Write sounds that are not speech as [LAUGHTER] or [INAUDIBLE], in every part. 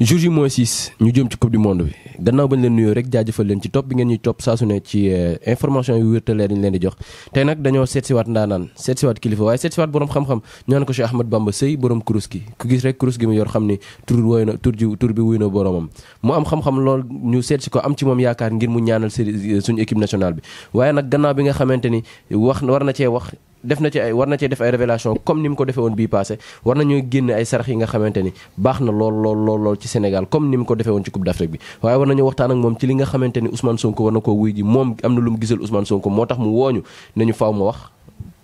jour ji moins six ñu jëm ci coupe du monde bi gannaaw bañ leen nuyoo rek jaajëfal leen ci topp bi ngeen ñuy topp saa su ne ci eh, information yu wérte leer leen di jox tey nag dañoo seet siwaat ndaanaan seet siwaat kilifa waaye seet siwaat borom xam-xam ñaan ko Cheikh Ahmad Bamba Sëy borom kurus gi ku gis rek kurus gi mu yor xam ni tur woy na tur ji bi wuy na mu am xam-xam lool ñu seet ko am ci moom yaakaar ngir mu ñaanal suñu équipe nationale bi waaye nag gannaaw bi nga xamante ni wax war na cee wax def na ci ay war na cee def ay révélation comme ni mu ko defee woon bii passé war nañoo génne ay sarax yi nga xamante ni baax na lool lool lool ci Sénégal comme ni mu ko defee woon ci Coupe d'Afrique bi waaye war nañoo waxtaan ak moom ci li nga xamante ni Ousmane Sonko war na ko wuy ji moom am na lu mu gisal Ousmane Sonko moo tax mu wooñu nañu faaw ma wax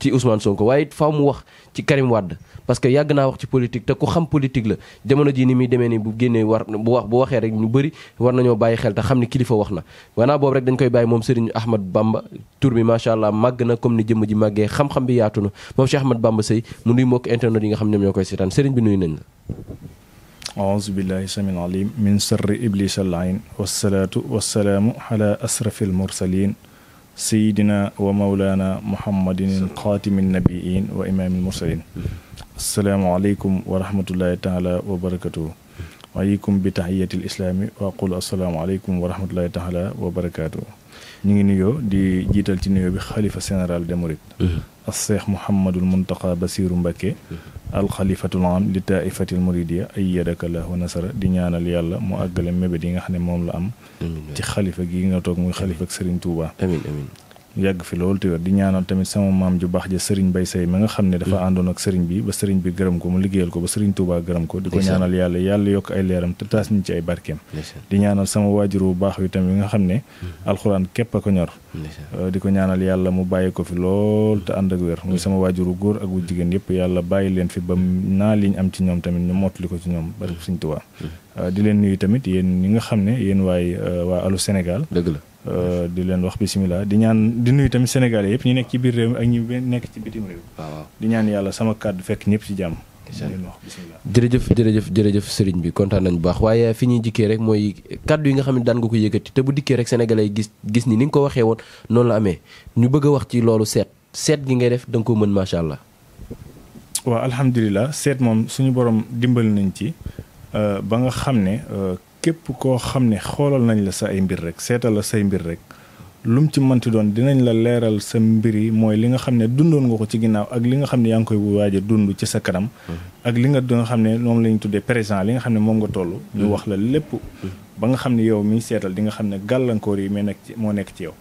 ci Ousmane Sonko waaye it faaw mu wax ci Karim Wade parce yàgg naa wax ci politique te ku xam politique la jamono ji ni muy demee ni bu génnee war bu waxee rek ñu bëri war nañoo bàyyi xel te xam ni kilifa wax na wanaa boobu rek dañ koy bàyyi moom Serigne Ahmad Bamba tur bi macha allah màgg na comme ni jëmm ji màggee xam-xam bi yaatu na moom Cheikh Ahmad Bamba Seye mu nuy mbokk internet yi nga xam ne ñoom ñoo koy seetaan Serigne bi nuyu nañ la aousubillahi samin alim min sharri iblis al ayn sayidina wa mawlaana muhammadin xaatimi nabiin wa imaamil mursalin asalaamaaleykum wa rahmatullahi taala wa barakatuhu waaleykum bi tahiyati l islaami wa aqulu asalaamaaleykum wa rahmatullahi taala wa barakatuhu ñu ngi nuyoo di jiital ci nuyoo bi xalifa général des mourides mm-hmm. alseex muhammadul muntaqa basiiru mbakke mm-hmm. al alxalifatul am li taaifatil muridiya ayyadaka la wa nasara di ñaanal yàlla mu àggale mébét yi nga xam ne moom la am ci xalifa gi nga toog muy xalifa ak sëriñ tuuba yàgg fi loolu te wér di ñaanal tamit sama maam ju baax ja sëriñ Bay Say mi nga xam ne dafa mm. àndoon ak sëriñ bi ba sëriñ bi gërëm ko mu liggéeyal ko ba sëriñ Touba ko di ko ñaanal yàlla yokk ay leeram te taas ñu ci ay barkeem di ñaanal sama waajur bu baax wi yi nga xam ne mm-hmm. alxuraan képp a ñor euh, di ko ñaanal yàlla mu bàyyi ko fi lool te ànd ak wér muy mm-hmm. sama waajuru góor ak wu jigéen yëpp yàlla bàyyi leen fi ba mm-hmm. naa liñ am ci ñoom tamit ñu mottali ko ci ñoom barke sëriñ Touba euh, leen nuyu tamit yéen ñi nga xam ne yéen waay euh, waa Allô Sénégal dëgg la Euh, di leen wax bisimilah di ñaan di nuyu tamit sénégalais yëpp ñu nekk ci biir réew ak ñu nekk ci bitim réew. di ñaan yàlla sama kàddu fekk ñëpp ci jàmm. jërëjëf jërëjëf jërëjëf sëriñ bi kontaan nañu bu baax waaye fi ñuy jikkee rek mooy kàddu yi nga xam ne daan nga ko yëkkati te bu dikkee rek sénégalais gis gis ni ni nga ko waxee woon noonu la amee ñu bëgg a wax ci loolu seet seet gi ngay def da nga ko mën macha allah. waa alhamdulilah seet moom suñu borom dimbal nañ ci euh, ba nga xam ne euh, képp koo xam ne xoolal nañ la sa ay mbir rek seetal la say mbir rek lum ci mënti doon dinañ la leeral sa mbir yi mooy li nga xam ne dundoon nga ko ci ginnaaw ak li nga xam ne yaa ngi koy waaj a dund ci sa kanam. Mm-hmm. ak li nga doon xam ne moom la ñu tuddee présent li nga xam ne moom nga toll. ñu mm-hmm. wax la lépp. Mm-hmm. ba nga xam ne yow mi seetal di nga xam ne gàllankoor yi mee nekk moo nekk ci yow.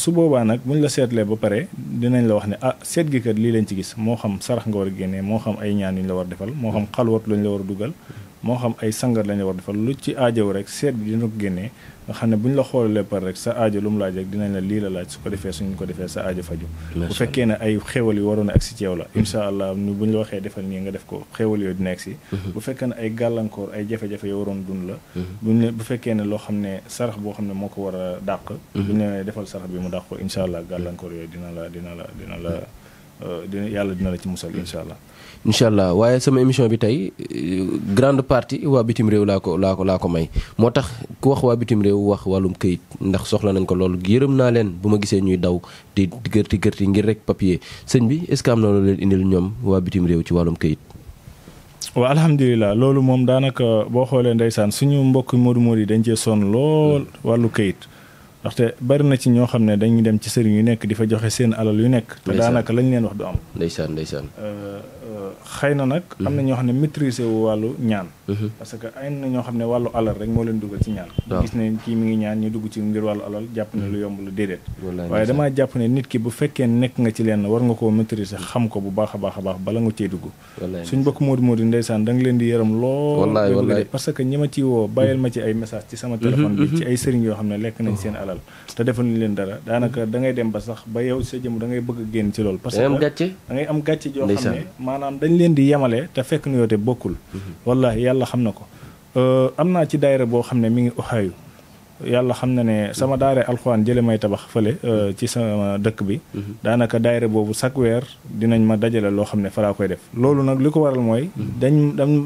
su boobaa nag buñ la seetlee ba pare dinañ la wax ne ah seet gi kat lii lañ ci gis moo xam sarax nga war a moo xam ay ñaan yu ñu la war defal moo xam xalwat luñ la war a dugal. moo xam ay sangar lañ war defal lu ci aajow rek seet bi dina ko génnee nga xam ne bu ñu la xoolalee par rek sa ajo lu mu laaj rek dinañ la lii la laaj su ko defee suñu ko defee sa ajo faju bu fekkee ne ay xéewal waroon a agsi ci yow la mm-hmm. incha allah ñu bu ñu la defal nii nga def ko xéewal yooyu dina agsi mm-hmm. bu fekkee ne ay gàllankoor ay jafe-jafe yu waroon dund mm-hmm. la bu fekkee ne loo xam ne sarax boo xam ne moo ko war a dàq bu ñu la defal sarax bi mu dàq ko incha allah gàllankoor yooyu dina la dina la dina la Euh, dina yàlla dina la ci musal incha allah. incha allah waaye sama émission bi tey grande partie waa bitim réew laa ko laa ko laa ko may moo tax ku wax waa bitim réew wax wàllum këyit ndax soxla nañ ko loolu yërëm naa leen bu ma gisee ñuy daw di gërti gërti ngir rek papier sëñ bi est-ce que am na loolu leen indil ñoom waa bitim réew ci wàllum këyit. waaw alhamdulilah loolu moom daanaka boo xoolee ndeysaan suñu mbokk Modou Modou yi dañ cee sonn lool wàllu këyit. ndaxte bari na ci ñoo xam ne dañuy dem ci sëriñ yu nekk di fa joxe seen alal yu nekk te daanaka lañ leen wax du am ndeysaan ndeysaan euh, euh, xëy na nag am na ñoo xam ne maîtriser wu wàllu ñaan Mm-hmm. parce que ay na ñoo xam ne wàllu alal rek moo leen dugal ci ñaan gis ne kii mi ngi ñaan ñu dugg ci ngir wàllu alal jàpp ne lu mm-hmm. yomb lu déedéet waaye damaa jàpp ne nit ki bu fekkee nekk nga ci lenn war nga koo maîtriser xam ko bu baax a baax a baax bala nga cee dugg suñ bokk Modou Modou ndeysaan da leen di yërëm lool parce que ñi ma woo bàyyil ma ci ay message ci sama mm-hmm, téléphone bi ci ay sëriñ yoo xam ne lekk nañ seen alal te defaluñ leen dara daanaka da dem ba sax ba yow sa jëm da ngay bëgg a génn ci loolu parce que da ngay leen di yemale te fekk nu yoote bokkul wallahi la xam na ko euh, am naa ci daayira boo xam ne mi ngi Ohio yàlla xam na ne sama daare alxuraan jële may tabax fële euh, ci sama dëkk bi mhm. daanaka daayira boobu sag weer dinañ ma dajale loo xam ne fa laa koy def loolu nag li ko waral mooy mhm. dañ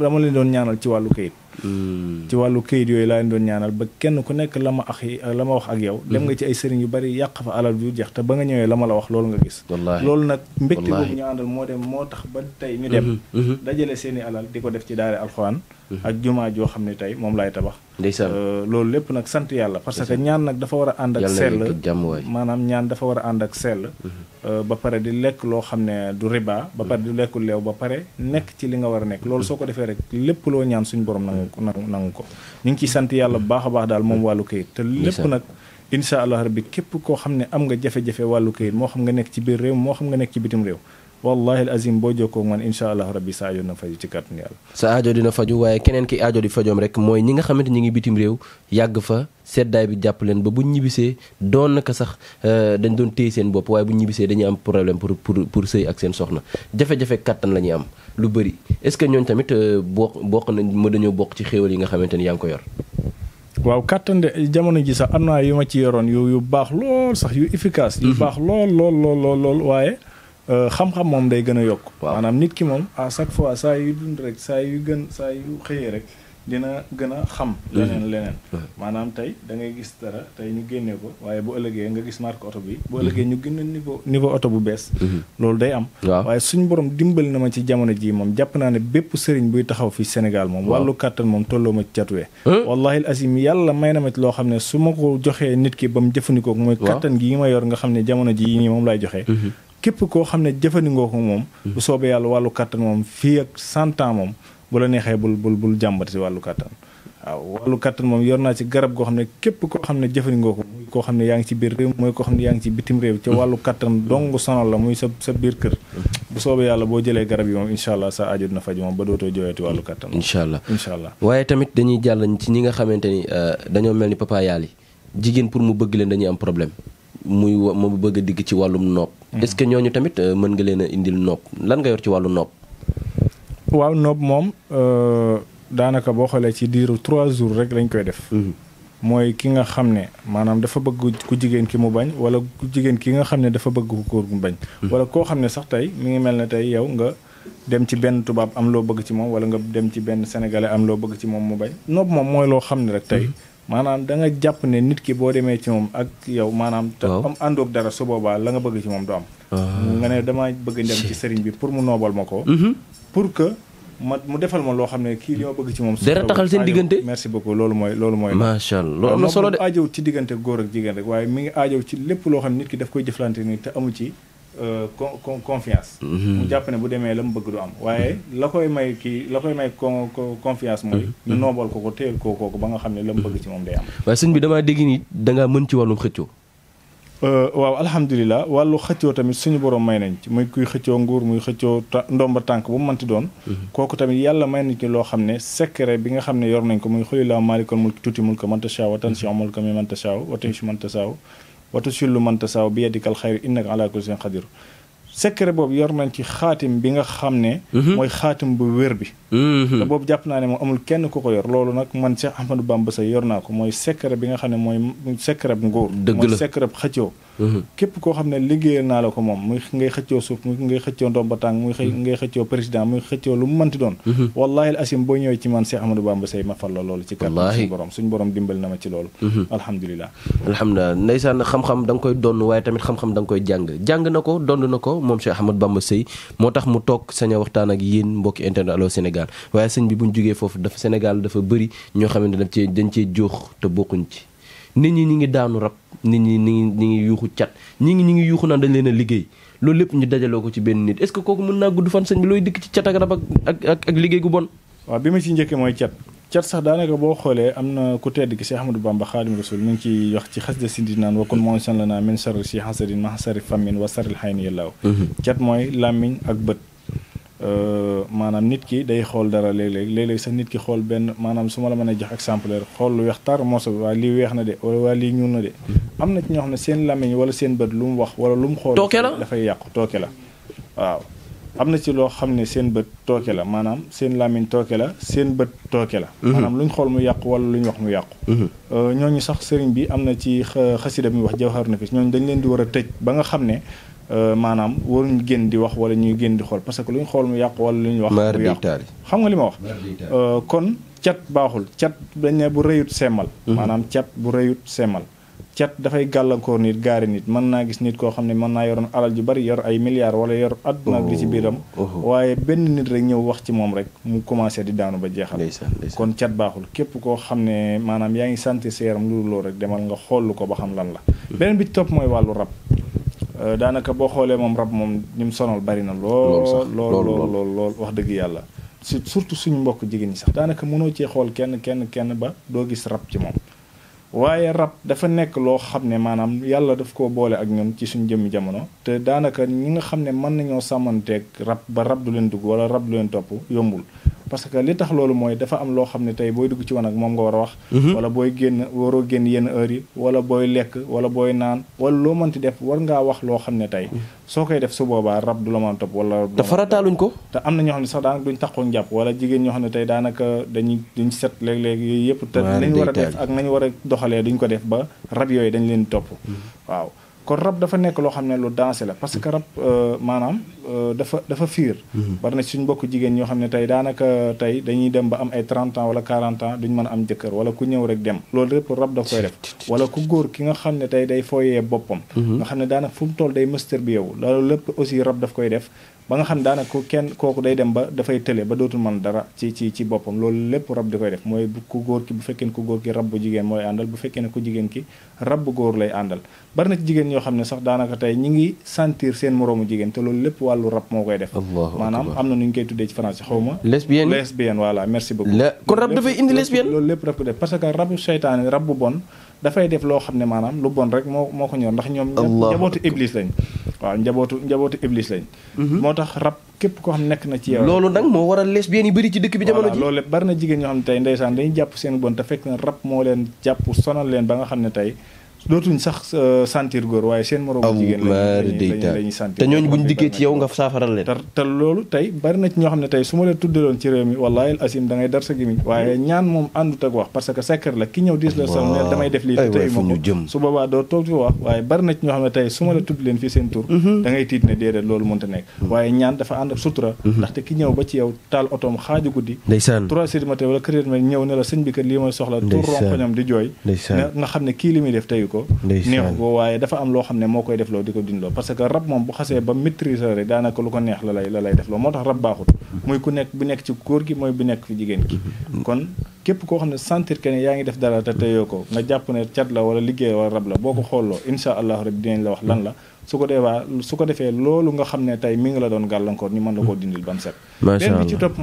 dama leen doon ñaanal ci wàllu kayit ci wàllu kayit yooyu laa leen doon ñaanal ba kenn ku nekk la ma ax la ma wax ak yow dem nga ci ay sëriñ yu bari yàq fa alal yu jeex te ba nga ñëwee la ma la wax loolu nga gis loolu nag mbégte boobu ñu àndal moo dem moo tax ba tey ñu dem mm-hmm. Mm-hmm. dajale seeni alal di ko def ci daare alxuraan mm-hmm. ak jumaa joo xam ne tey moom laay tabax euh, loolu lépp nag sant yàlla parce que ñaan nag dafa war a ànd ak sell maanaam ñaan dafa war a ànd ak sell euh, ba pare di lekk loo xam ne du riba ba pare di lekk leew ba pare nekk ci li nga war a nekk loolu soo ko defee rek lépp loo ñaan suñu borom nag nangu nangu nangu ko ñu ngi ciy sant yàlla bu baax a baax daal moom wàllu kayit te lépp nag incha allah bi képp koo xam ne am nga jafe-jafe wàllu kayit moo xam nga nekk ci biir réew moo xam nga nekk ci bitim réew wallahi azim boo jokkoo man incha allah rabbi sa aajo dina faju waaye keneen ki ajo di fajoom rek mooy ñi nga xamante ñi ngi bitim réew yàgg fa seddaay bi jàpp leen ba bu ñibbisee doon naka sax euh, dañ doon téye seen bopp waaye bu ñibbisee dañu am problème pour pour pour sëy ak seen soxna jafe-jafe kattan la ñuy am lu bëri est-ce que ñooñ tamit euh, bokk bokk na ma bokk ci xéewal yi nga xamante ni yaa ngi ko yor waaw kàttan de jamono ji sax am naa yu ma ci yoroon yu yu baax lool sax yu efficace yu mhm. baax lool lool lool waaye Euh, xam-xam moom day gën a yokk maanaam nit ki moom à chaque fois saa yu dund rek saa yu gën saa yu xëyee rek dina gën a xam mm-hmm. leneen leneen maanaam tey da ngay gis dara tey ñu génnee ko waaye bu ëllëgee nga gis marque oto bi bu mm-hmm. ëllëgee ñu gën a niveau niveau oto bu bees mm-hmm. loolu day am waaye suñ borom dimbali na ma ci jamono ji moom jàpp naa ne bépp sëriñ buy taxaw fi Sénégal moom wàllu kàttan moom tolloo ma ci catuwee wallahi asim yàlla may na ma loo xam ne su ma ko joxee nit ki ba mu jëfandikoo mooy kàttan gi ma yor nga xam ne jamono ji moom laay joxee képp koo xam ne jëfandikoo ko moom. Mhm. bu soobee yàlla wàllu kattan moom fii ak cent moom bu la neexee bul bul bul jàmbat si wàllu kattan. waaw wàllu kattan moom yor naa ci garab goo xam ne képp koo xam ne jëfandikoo ko muy koo xam ne yaa ngi ci biir réew mooy koo xam yaa ngi ci bitim réew ca wàllu mhm. kattan dong sonal la muy sa sa biir kër mhm. bu soobee yàlla boo jëlee garab yi moom incha allah sa aajo dina faj moom ba dootoo jooyati wàllu kattan incha allah incha allah waaye tamit dañuy jàll ci ñi nga xamante ni euh, dañoo mel ni papa yaal yi jigéen pour mu bëgg leen dañuy am problème muy mu bëgg a ci wàllum nopp est ñooñu tamit euh, mën nga leen a indil nopp lan nga yor ci wàllu nopp. waaw nopp moom euh, daanaka boo xoolee ci diiru trois jours rek lañ koy def. Mm-hmm. mooy ki nga xam ne maanaam dafa bëgg ku jigéen ki mu bañ wala ku jigéen ki nga xam ne dafa bëgg ku góor mu bañ. Mm-hmm. wala koo xam ne sax tey mi ngi mel ne tey yow nga. dem ci benn tubaab am loo bëgg ci moom wala nga dem ci benn sénégalais am loo bëgg ci moom mu bañ nopp moom mooy loo xam ne rek tey mhm. maanaam da nga jàpp ne nit ki boo demee ci moom ak yow maanaam te am àndoog dara su la nga bëgg ci moom du am ah. nga ne bëgg dem ci sëriñ bi pour mu noobal ma ko mhm. pour que ma mu defal loo xam ne kii li ma bëgg ci moom dara taxal seen diggante mooy loolu mooy macha allah loolu solo de aajow ci diggante góor ak jigéen rek waaye mi ngi aajow ci lépp loo xam ne nit ki daf koy jëflante ni te amu ci Euh, con confiance. Mhm. mu jàpp ne bu demee la mu bëgg du am waaye la koy may kii la koy may con confiance mooy. Mhm. ñu mhm. noobal ko ko teel ko kooku ba nga xam ne la mu bëgg ci moom day am. waaye sëñ bi damaa dégg ni da mën ci wàllum xëccoo. Euh, waaw alhamdulilah wàllu xëccoo tamit suñu borom may nañ ci muy kuy xëccoo nguur muy xëccoo ndomba tànk bu mu mënti doon. kooku tamit yàlla may nañ ci loo xam ne secret bi nga xam ne yor nañ ko muy xulilaa maalikal mulki tuuti mulka man tashaa wa tanzi'ul mulka mimman tashaa wa tu'izzu man watu sillu manta saaw bi yadikal xayr innaka ala kulli shay'in qadir secret boobu yor nañ ci xaatim bi nga xam ne mhm. mooy xaatim bu wér bi mhm. te boobu jàpp naa ne moo amul kenn ku ko yor loolu nag man Cheikh baam ba sa yor naa ko mooy secret bi nga xam ne mooy secret bu nguur mooy secret bu xëccoo Mhm. képp koo xam ne liggéeyal naa la ko moom muy ngay xëccoo suuf muy ngay xëccoo ndomba tàng muy mhm. ngay xëccoo président muy xëccoo lu mu manti doon mhm. wallahi asim boo ñëwee ci man Cheikh Ahmadou Bamba Seye ma fal la loolu ci kàddu suñu borom suñu borom dimbal na ma ci loolu alhamdulilah koy donn waaye tamit xam-xam da koy jàng jàng na ko donn na ko moom Cheikh Ahmadou Bamba Seye moo tax mu toog sañ a waxtaan ak yéen mbokki internet Allô Sénégal waaye sëñ bi buñ jógee foofu dafa Sénégal dafa bëri ñoo xamante dañ cee dañ cee jóox te bokkuñ ci nit ñi ñi ngi daanu rab nit ñi ñi ngi ñi ngi yuuxu cat ñi ngi ñi ngi yuuxu naan dañ leen liggéey loolu lépp ñu dajaloo ko ci benn nit est-ce que kooku mën naa gudd fan sëñ bi looy dikk ci cat ak rab ak ak liggéey gu bon waaw bi ma ci njëkkee mooy cat cat sax daanaka boo xoolee am na ku tedd ki Cheikh Ahmadou Bamba Xaadim Rasul mu ngi wax ci xasida sindi naan wakkun moon san la naa min sarri si xasadin ma xasari fammin wa saril xay ni yàllaaw mhm. cat mooy làmmiñ ak bët Euh, maanaam nit ki day xool dara léeg-léeg léeg sax nit ki xool benn maanaam su ma la mën a jox exemplaire xool lu weex tar morso bi waaye lii weex na de wala waa lii ñuul na de am na ci ñoo xam ne seen làmmiñ wala seen bët lu mu wax wala lu mu xool dafay yàqu tooke la waaw am na ci loo xam ne seen bët tooke la maanaam seen làmmiñ tooke la seen bët tooke la mhm. maanaam lu ñu xool mu yàqu wala lu ñu wax mu yàqu ñoo mhm. euh, ñooñu sax sëriñ bi am na ci xasida mi wax jawharu nafis ñooñu dañ leen di war a tëj ba nga xam ne Euh, maanaam waruñu génn di wax wala ñuy génn di xool parce que lu ñu xool mu yàqu wala lu ñu wax mu yàqu xam nga li ma wax euh, kon cat baaxul cat dañ ne bu rëyut semmal mhm. maanaam cat bu rëyut semmal cat dafay gàllankoor nit gaari nit mën naa gis nit koo xam ne mën naa yoroon alal ju bari yor ay milliards wala yor àdduna ak li ci oh. biiram waaye benn nit rek ñëw wax ci moom rek mu commencé di daanu ba jeexal kon cat baaxul képp koo xam ne maanaam yaa ngi sant sa yaram lu loolu rek demal nga xoolu ko ba xam lan la mhm. beneen bi ci topp mooy wàllu rab Euh, daanaka boo xoolee moom rab moom ni mu sonal bari na lool lool lool lool wax dëgg yàlla su surtout suñu mbokk jigéen ñi sax daanaka mënoo cee xool kenn kenn kenn ba doo gis rab ci moom waaye rab dafa nekk loo xam ne maanaam yàlla daf ko boole ak ñun ci suñu jëmmi jamono te daanaka ñi nga xam ne mën nañoo sàmmanteeg rab ba rab du leen dugg wala rab du leen topp yombul parce que li tax loolu mooy dafa am loo xam ne tey booy dugg ci wan ak moom nga war a wax mhm. wala booy génn waroo génn yenn heures yi wala booy lekk wala booy naan wala loo mënti def war ngaa wax loo xam ne tey mhm. soo koy def su boobaa rab du la mën topp wala te farataaluñ ko te am na ñoo xam ne sax daanaka duñ taxoo njàpp wala jigéen ñoo xam ne tey daanaka dañuy duñ set léeg-léeg yëpp te nañ war a def ak nañ a doxalee duñ ko def ba rab yooyu dañ leen topp mhm. waaw kon rab dafa nekk loo xam ne lu dansé la parce que rab euh, maanaam Euh, dafa dafa fiir mhm. bari na suñ mbokk jigéen ñoo xam ne tey daanaka tey dañuy dem ba am ay 30 ans wala duñ mën a am jëkkër wala ku ñëw rek dem loolu lépp rab ku góor ki mhm. ba nga xam daanaka kenn kooku day dem ba dafay tële ba dootul mën dara ci ci ci di koy def mooy ku góor ki bu fekkee ne ku góor ki rab bu jigéen mooy àndal bu fekkee ne ku jigéen ki rab bu góor lay àndal bari na jigéen ñoo xam ne sax daanaka tey ñi ngi sentir seen moroomu jigéen te loolu lépp lu rab moo koy def maanaam am na nu ñu koy tuddee ci français xaw ma lesbienne lesbienne voilà merci beaucoup la kon rab dafay indi lesbienne loolu lépp rab ko def parce que rabu seytaane rab bon dafay def loo xam ne maanaam lu bon rek moo moo ko ñor ndax ñoom njabootu iblis lañ waaw njabootu njabootu iblis lañ mhm. moo tax rab képp koo xam nekk na ci yow loolu nag moo waral lesbiennes yi bëri ci dëkk bi jamono ji loolu bari na jigéen ñoo xam ne tey ndeysaan dañuy seen bon te fekk moo leen jàpp sonal leen ba nga xam ne tey dootuñ sax euh, sentir góor waaye seen moroom jigéen lañuy sentir te ñooñu buñ dikkee ci yow nga saafaral leen te loolu tey bari ci ñoo xam ne tey su ma la tuddaloon ci réew mi wallaahi asim da ngay dar sa gémmiñ waaye ñaan moom àndut ak wax parce que secret ne damay def lii tey moom su boobaa doo toog fi wax waaye bari na ci ñoo xam ne tey su ma la tudd leen fii seen tur mhm. da ngay tiit ne déedéet loolu mënta nekk mhm. waaye ñaan dafa ànd ak sutura mhm. ndaxte ki ñëw ba ci yow taal otoom xaaju guddi trois heures du matin wala quatre ñëw ne la sëñ bi kat lii mooy soxla tur ronkoñam di jooy nga xam ne kii li muy def tey ko neexu ko waaye dafa am loo xam ne moo koy def loo di ko dindloo parce que rab moom bu xasee ba maîtriser rek daanaka lu ko neex la lay la lay def loo moo tax rab baaxut mm-hmm. muy ku nekk bu nekk ci góor gi mooy bu nekk fi jigéen gi mm-hmm. kon képp koo xam ne sentir que ne yaa ngi def dara te teyoo ko nga jàpp ne cat la wala liggéey wala rab la boo ko xooloo incha allahu rabbi dinañ la wax lan la mm-hmm. su ko defaa ko defee loolu nga xam ne tey mi ngi la doon gàllankoor ñu mën la koo dindil bam set benn bi ci topp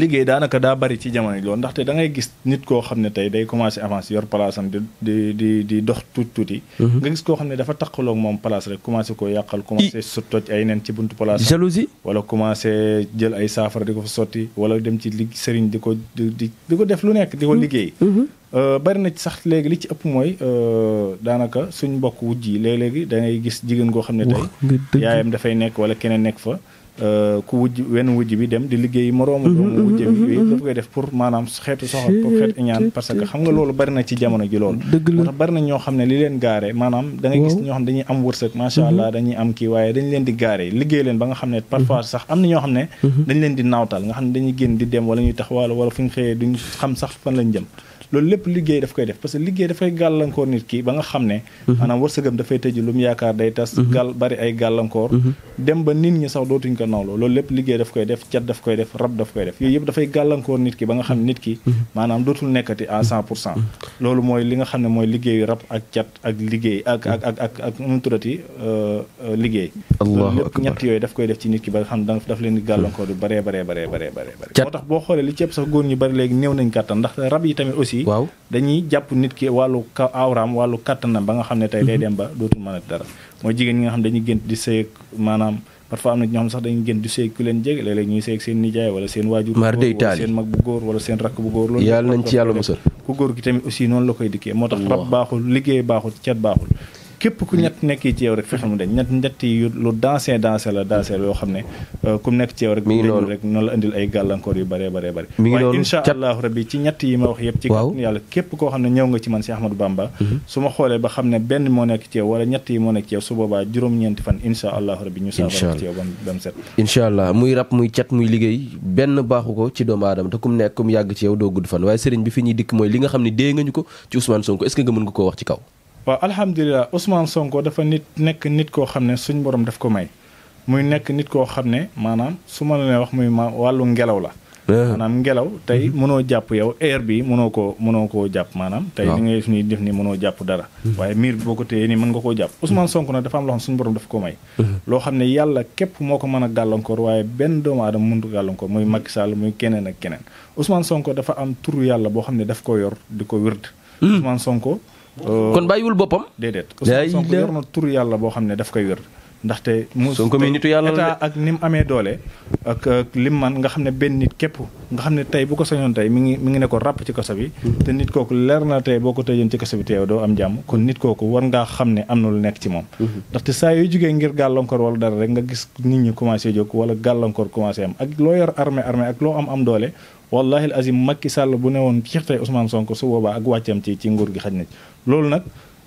liggéey daanaka daa bari ci jamono loolu ndaxte da ngay gis nit koo xam ne tey day commencé avance yor palaasam am di di di dox tuuti tuuti. Mhm. nga gis koo xam ne dafa taqaloog moom place rek commencé koo yàqal. commencé su toj ay nen ci buntu place. jalousie wala commencé jël ay saafara di ko fa sotti wala dem ci li sëriñ di ko di di ko def lu nekk di mhm. liggéey. Mhm. Euh, bari na sax léegi li ci ëpp mooy euh, daanaka suñ mbokk wujj yi léeg-léegi da ngay gis jigéen koo xam ne tey. yaayam dafay nekk wala keneen nekk fa. Euh, ku wujj wenn wujj bi dem di liggéey moroomu mhm, doomu wujj mhm, bi yooyu mhm, dafa koy def pour maanaam xeetu soxor pour xeetu iñaan parce que xam nga loolu bari na ci jamono ji loolu moo tax bari na ñoo xam ne li leen gaare maanaam danga gis ñoo xam dañuy am wërsëg macha allah dañuy am kii waaye dañ leen di gaare liggéey leen ba nga xam ne parfois sax am na ñoo xam ne dañ leen di naawtal nga xam ne dañu génn di dem wala ñuy tax wala wala fu ñu xëyee duñ xam sax fan lañ jëm loolu lépp liggéey daf koy def parce que liggéey dafay gàllankoor nit ki ba nga xam ne mhm. maanaam wërsëgam dafay tëju lu mu yaakaar day tas mhm. gàll bari ay gàllankoor mhm. dem ba nit ñi sax dootuñ ko nawloo loolu lépp liggéey daf koy def cat daf koy def rab daf koy def yooyu yëpp dafay gàllankoor nit ki ba nga xam ne nit ki maanaam dootul nekkati à cent pour cent loolu mooy li nga xam ne mooy liggéeyu rab ak cat liggéey ak ak ak ak ak nu mu tuddati euh, euh, liggéey loolu lépp ñett yooyu daf koy def ci nit ki ba nga xam ne daf leen di gàllankoor yu baree baree moo tax boo xoolee li ci sax góor ñu bari léegi néew nañ kàttan ndax rab yi tamit aussi waaw dañuy jàpp nit ki wàllu ka awraam wàllu kattanam ba nga xam ne tey day mhm. dem ba dootul mën a dara mooy jigéen ñi nga xam dañuy gént di sëy maanaam parfois am na ñoo xam sax dañuy gént di sëy ku leen jege léeg-léeg ñuy sëy seen nijaay wala seen waajur wala seen mag bu góor wala seen rakk bu góor loolu yàlla nañ ci yàlla góor gi tamit aussi noonu la koy dikkee moo tax rab baaxul liggéey baaxul cet baaxul képp ku ñett nekkee ci yow rek fexe mu deñ ñett ñett yi lu dansé dansé la dansé yoo xam ne euh, ku nekk ci yow rek ngi noonu rek noonu la indil ay gàllankoor yu bëree bëree bëri waaye insha ci ñett yi ma wax yëpp ci yàlla képp koo xam ne ñëw nga ci man si Ahmadou Bamba mhm. su ma xoolee ba xam ne benn moo wala ñett yi moo boobaa juróom-ñeenti fan insha allahu rabbi ñu saafara ci yow ba mu set insha allah muy rab muy cat muy liggéey benn baaxu ko ci doomu aadama te kum nekk kum yàgg ci yow doo gudd fan waaye sëriñ bi fi ñuy dikk mooy li nga xam ne dee nga ñu ko ci Ousmane Sonko est nga mën nga koo wax ci kaw waaw alhamdulilah Ousmane Sonko dafa nit nekk nit koo xam ne suñ borom daf ko may muy nekk nit koo xam ne maanaam su ma wax muy ma wàllu ngelaw la. Eh. maanaam ngelaw tey mhm. mënoo jàpp yow air bi mënoo koo mënoo koo jàpp maanaam. tey li ngay def nii mënoo jàpp dara. Mhm. waaye miir boo ko téyee nii mën koo jàpp. Mhm. Ousmane Sonko nag dafa am loo suñu borom dafa ko may. loo xam ne yàlla képp moo ko mën a gàllankoor waaye benn doomu aadama mënut a gàllankoor muy Macky Sall muy keneen ak keneen Ousmane Sonko dafa am turu yàlla boo xam ne daf ko yor di ko wërd. Ousmane Sonko Euh, kon bàyyiwul boppam. déedéet Ousmane Sonko yor na tur yàlla boo xam ne daf koy wér. ndaxte mu Sonko mi nitu yàlla la ak ni mu amee doole ak lim man nga xam ne benn nit képp nga xam ne tey bu ko sañoon tey mi ngi mi ngi ne ko ràpp ci kaso bi te nit kooku leer na tey boo ko tëjoon ci kaso bi teew doo am jàmm kon nit kooku war ngaa xam ne am na lu nekk ci moom mhm. ndaxte saa yooy jógee ngir gàllankoor wala dara rek nga gis nit ñi commencé jóg wala gàllankoor commencé am ak loo yor armée armée ak loo am am doole wallahi al azim Macky sàll bu ne woon ci tey Ousmane Sonko su boobaa ak wàccam ci ci nguur gi xaj na ci loolu nag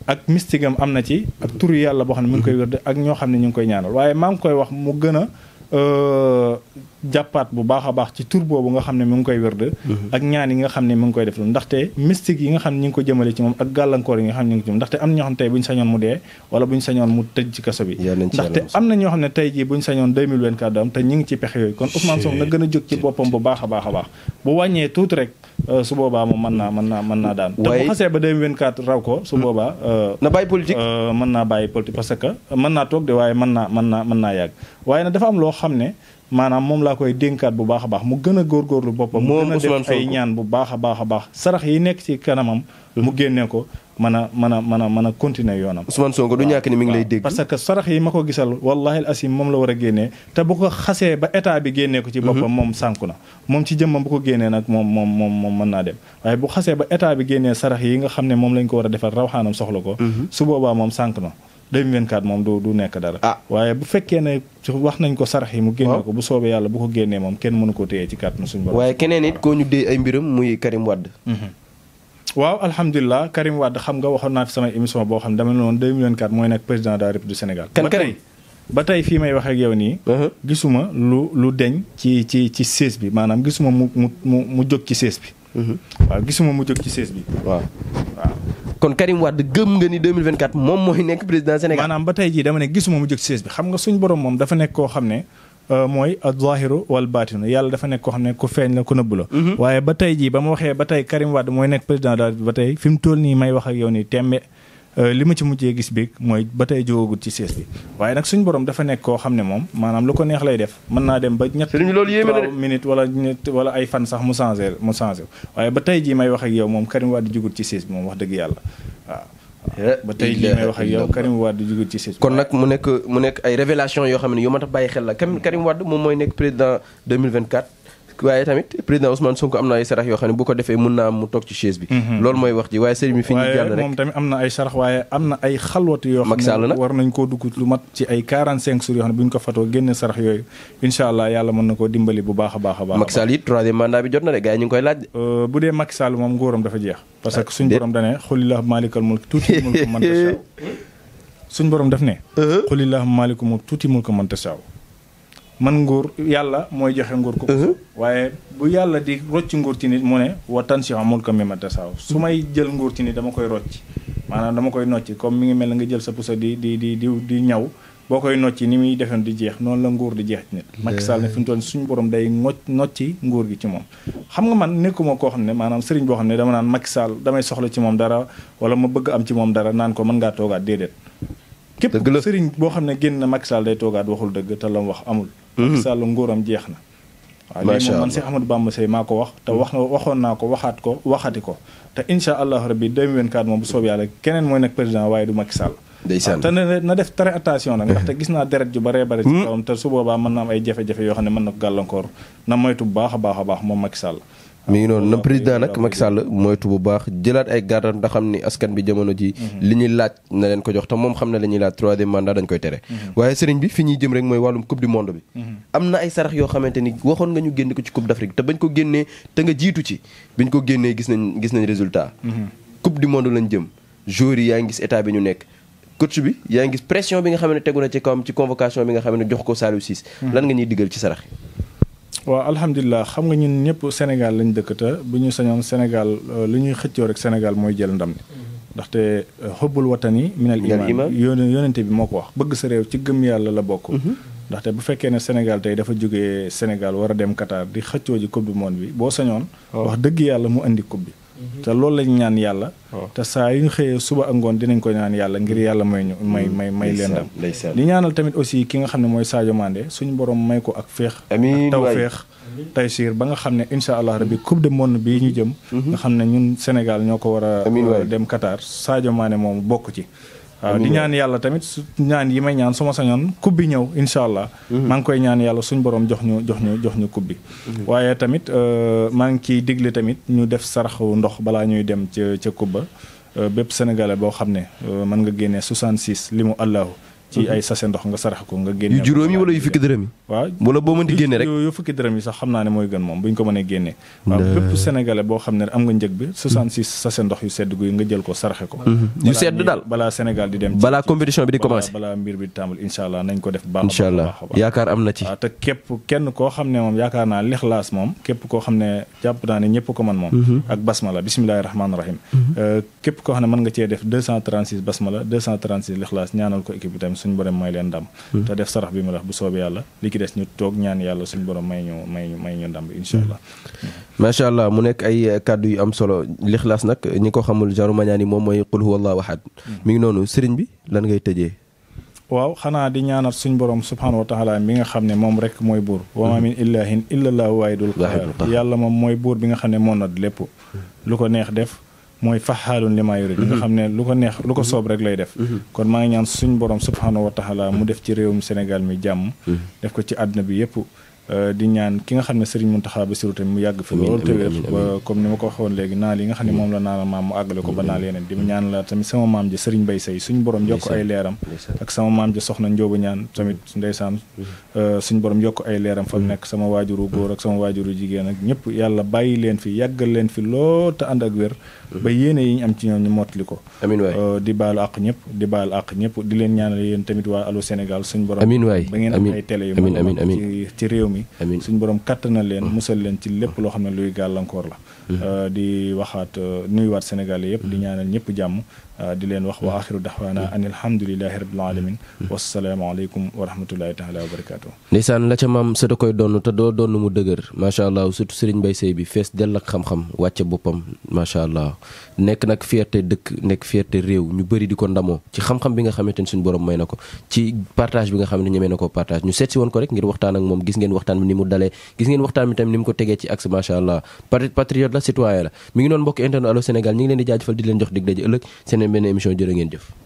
ak mystique am na ci ak turu yàlla boo xam ne mu ngi koy wérde ak ñoo xam ne ñu ngi koy ñaanal waaye maa ngi koy wax mu gëna Euh, jàppaat bu baax a baax ci tur boobu nga xam ne mu ngi koy wérde mhm. ak ñaan yi nga xam ne mu ngi koy def loolu ndaxte mystique yi nga xam ne ñu ngi ko jëmale ci moom ak gàllankoor yi nga xam ne ñu ngi ci moom ndaxte am na ñoo xam ne tey bu ñu sañoon mu dee wala bu ñu sañoon mu tëj ci kaso bi ndaxte am na ñoo xam ne tey jii bu ñu sañoon 2024 am te ñu ngi ci pexe yooyu kon Ousmane Sonko na gën a jóg ci boppam bu baax a baax a baax bu wàññee tuuti rek euh, su boobaa moom mën naa mën naa mën naa daan te bu xasee ba 2024 raw ko su hmm. boobaa euh, na bàyyi politique mën naa bàyyi politique parce que mën naa toog de waaye mën naa mën naa mën naa yàgg waaye na dafa am loo xam ne maanaam moom laa koy dénkaat bu baax a baax mu gën a góorgóorlu boppam mu gën a def ay ñaan bu baax a baax a baax sarax yi nekk ci kanamam mu mm-hmm. génnee ko mën a mën a mën a mën a continuer yoonam Ousmane Sonko du ñàkk ni mi ngi lay dégg parce que sarax yi ma ko gisal wallahi asim moom la war a te bu ko xasee ba état bi génnee ko ci mm-hmm. boppam moom sànku na moom ci jëmmam bu ko génnee nag moom moom moom moom mën naa dem waaye bu xasee ba état bi génnee sarax yi nga xam ne moom lañ ko war a defal rawaxaanam soxla ko mm-hmm. su boobaa moom sànk na 2024 moom du du nekk dara. ah waaye bu fekkee ne wax nañ ko sarax yi mu génne ko bu soobee yàlla bu ko génnee moom kenn mënu ko téye ci kàttanu suñ borom. waaye keneen it koo ñu dee ay mbiram muy Karim Wade. Mhm. waaw alhamdulilah Karim Wade xam nga waxoon naa fi sama émission boo xam ne dama ne woon 2024 mooy nekk président de la République du Sénégal. ba tey fii may wax ak yow nii. Uh-huh. gisuma lu lu deñ ci ci ci sées bi maanaam gisuma mu mu mu mu jóg ci sées bi. Uh-huh. waaw gisuma mu ci sées bi. waaw kon Karim Wade gëm nga ni 2024 moom mooy nekk président Sénégal. maanaam ba tey jii dama ne gisuma mu jóg siis bi xam nga suñu borom moom dafa nekk koo xam ne euh, mooy az-zahiru wal baatinu yàlla dafa nekk koo xam ne ku feeñ la ku nëbb la. Mhm. waaye ba tey jii ba ma waxee ba tey Karim Wade mooy nekk président daal ba tey fi mu nii may wax ak yow nii tembe Euh, li ma ci mujjee gis biig mooy ba tey jógagut ci sees bi waaye nag suñ borom dafa nekk koo xam ne moom maanaam lu ko neex lay def mën naa dem ba ñett minutes wala ñett wala ay fan sax mu changé mu changé waaye ba tey jii may wax yow moom Karim Wade jugut ci sees bi moom dëgg yàlla waaw eh, ba tey jii kon nag mu nekk mu nekk ay révélation yoo xam ne yu ma tax bàyyi xel la Karim Wade moom mooy nekk président 2024 waaye tamit président Ousmane Sonko am na ay sarax yoo xam ne bu ko defee mun naa mu toog ci chaise bi. Mhm. loolu mooy wax ji waaye sëriñ bi fi ñu jàll rek moom tamit am na ay sarax waaye am na ay xalwatu yoo xam ne war nañ koo dugg lu mat ci ay 45 jours yoo xam ne bu ñu ko fatoo génne sarax yooyu incha allah yàlla mën na koo dimbali bu baax a baax a baax. Macky Sall it troisième mandat bi ñu ngi koy laaj. Euh, bu ah, ne xulillah mulk tuuti mulku [LAUGHS] uh-huh. man mulk tuuti mulku man nguur yàlla mooy joxe nguur ko mhm. waaye bu yàlla di rocc nguur ci nit mu ne watan si amul ko mi ma tasaaw su may jël nguur ci nit dama koy rocc maanaam dama koy nocci comme mi ngi mel na nga jël sa pusa di di di di di ñaw boo koy nocci ni muy defoon di jeex noonu la nguur di jeex ci Sall ne fi suñu borom day noc nocci nguur gi ci moom xam nga man nekkuma koo xam ne maanaam sëriñ boo xam ne dama naan Macky Sall damay soxla ci moom dara wala ma bëgg am ci moom dara naan ko mën ngaa toogaat déedéet képp sëriñ boo xam ne génn na Macky Sall day toogaat waxul dëgg te la wax amul Macky mhm. Sall nguuram jeex na waaw lii moom man si Ahmadou Bamba Seye maa ko wax te wax na waxoon naa ko waxaat ko waxati ko te incha allahu rabbi 2024 moom bu soob yàlla keneen mooy nekk président waaye du Macky Sall te na def très attention nag ndaxte mhm. gis naa deret ju bare bare ci mhm. kawam te su mën na am ay jafe-jafe yoo xam ne mën na ko gàllankoor na moytu bu baax a baax a baax moom Macky Sall mi ngi na président nag Macky Sall moytu bu baax jëlaat ay gardam ndax xam ni askan bi jamono ji mhm. li ñuy laaj na leen ko jox te moom xam ne la ñuy laaj troisième mandat dañ koy tere mhm. waaye sëriñ bi fi ñuy jëm rek mooy wàllum coupe du monde bi mhm. am na ay sarax yoo xamante ni waxoon nga ñu génn ko ci coupe d'Afrique te bañ ko génnee te nga jiitu ci bañ ko génnee gis nañ gis nañ résultat coupe du monde lañ jëm joueurs yaa ngis gis bi ñu nekk coach bi yaa ngi gis pression bi nga xam ne tegu na ci ci convocation bi nga xam ne jox ko Saliou Ciss lan nga ñuy digal ci sarax waaw alhamdulilah xam nga ñun ñëpp Sénégal lañ dëkk bu ñu sañoon Sénégal euh, li ñuy xëccoo rek Sénégal mooy jël ndam ni mm-hmm. ndaxte xubbul euh, watani minal iman yonente bi moo ko wax bëgg sa réew ci gëm yàlla la bokk mm-hmm. ndaxte bu fekkee ne Sénégal tey dafa jóge Sénégal war a dem Qatar di xëccoo ji coupe du bi boo sañoon oh. wax dëgg yàlla mu indi coupe bi te loolu lañ ñaan yàlla te saa yu ñu xëyee suba ak ngoon dinañ ko ñaan yàlla ngir yàlla may ñu may may may leen dam di ñaanal tamit aussi ki nga xam ne mooy Sadio Mandé suñu borom may ko ak féex ak taw féex Taysiir ba nga xam ne incha allah rabi coupe du monde bii ñu jëm mhm. nga xam ne ñun Sénégal ñoo ko war a dem Qatar Sadio Mandé moom bokk ci waaw ah, di ñaan yàlla tamit su ñaan yi may ñaan su ma sañoon coupe bi ñëw incha allah. Mhm. maa ngi koy ñaan yàlla suñu borom jox ñu jox ñu jox ñu coupe bi. Mhm. waaye tamit euh, maa ngi ciy digle tamit ñu def saraxu ndox balaa ñuy dem ca ca coupe ba euh, bépp sénégalais boo xam ne euh, mën nga génnee 66 li mu allahu ci mhm. ay sachet ndox nga sarax ko nga génne. yu juróom yi wala yu fukki dërëm yi. waaw wala boo mënti génne rek yu fukki dërëm yi sax xam naa ne mooy gën moom bu ko mënee génne. waaw mhm. balaa Sénégal di dem. balaa compétition bi balaa mbir bi di tàmbal allah nañ ko def. baax a baax yaakaar am na ci. te képp kenn koo xam ne moom yaakaar naa lixlaas moom képp koo xam ne jàpp naa ne ñëpp ko man moom mhm. ak basmala bismillahi rahmaani rahim euh, képp koo xam ne mën nga suñu borom may leen ndam hmm. te def sarax bi mu def bu soobee yàlla li ki des ñu toog ñaan yàlla suñu borom may ñu may ñu may ñu ndam bi incha allah hmm. allah mu nekk ay kàddu yu am solo lixlaas nag ñi ko xamul genre mañaani moom mooy qul huwa allahu ahad hmm. mi ngi noonu sëriñ bi lan ngay tëjee waaw xanaa di ñaanal suñ borom subhaanahu wa taala mi nga xam ne moom rek mooy buur wa ma min ilahin illa allahu waahidul yàlla moom mooy buur bi nga xam ne moo na lépp lu ko neex def mooy faxaalun li maa yurid li nga mhm. xam ne lu ko neex lu ko soob rek lay def mhm. kon maa ngi ñaan suñ borom subhaanahu wa taala mu def ci réewum Sénégal mi jàmm mhm. def ko ci àdduna bi yëpp Euh, di ñaan ki nga xam ne Serigne Mountakha Bassirou tamit mu yàgg fi loolu te wér ba comme ni ma ko waxoon léegi naal yi nga xam ne moom la naal maam mu àggale ko ba naal yeneen di mu ñaan la tamit sama maam ji Serigne Bay Sey suñu borom yokk ay leeram ak sama maam ji soxna Njóoba ñaan tamit ndeysaan mm-hmm. euh, suñu borom yokk ay leeram fa mu mm-hmm. nekk sama waajuru góor ak mm-hmm. sama waajuru jigéen ak ñëpp yàlla bàyyi leen fi yàggal leen fi lool te ànd ak wér ba yéene yi ñu am ci ñoom ñu mottali ko euh, di baalu àq ñëpp di baalu àq ñëpp di leen ñaanal yéen tamit waa Allô Sénégal suñu borom ba ngeen am ay télé yu mag ci réew mi yi suñ borom kattanal leen mm. musal leen ci lépp loo xam ne luy gàllankoor la mm. euh, di waxaat euh, nuyuwaat Sénégal yëpp di mm. ñaanal ñëpp jàmm Euh, di leen wax wa axiru daxwaana mm. an alhamdulilahi rabbil alamin mm. mm. wasalaamaaleykum wa rahmatullahi taala wa barakaatu ndeysaan la ca maam sa da koy donn te doo donn mu dëgër macha allah surtout Serigne Mbaye bi fees dell ak xam-xam wàcce boppam macha allah nekk nag fierté dëkk nekk fierté réew ñu bëri di ko ndamoo ci xam-xam bi nga xamante ne suñu borom may na ko ci partage bi nga xam ne ñemee na ko partage ñu seet woon ko rek ngir waxtaan ak moom la citoyen la mi ngi noonu mbokk internet ne beneen émission jërë ngeen jëf.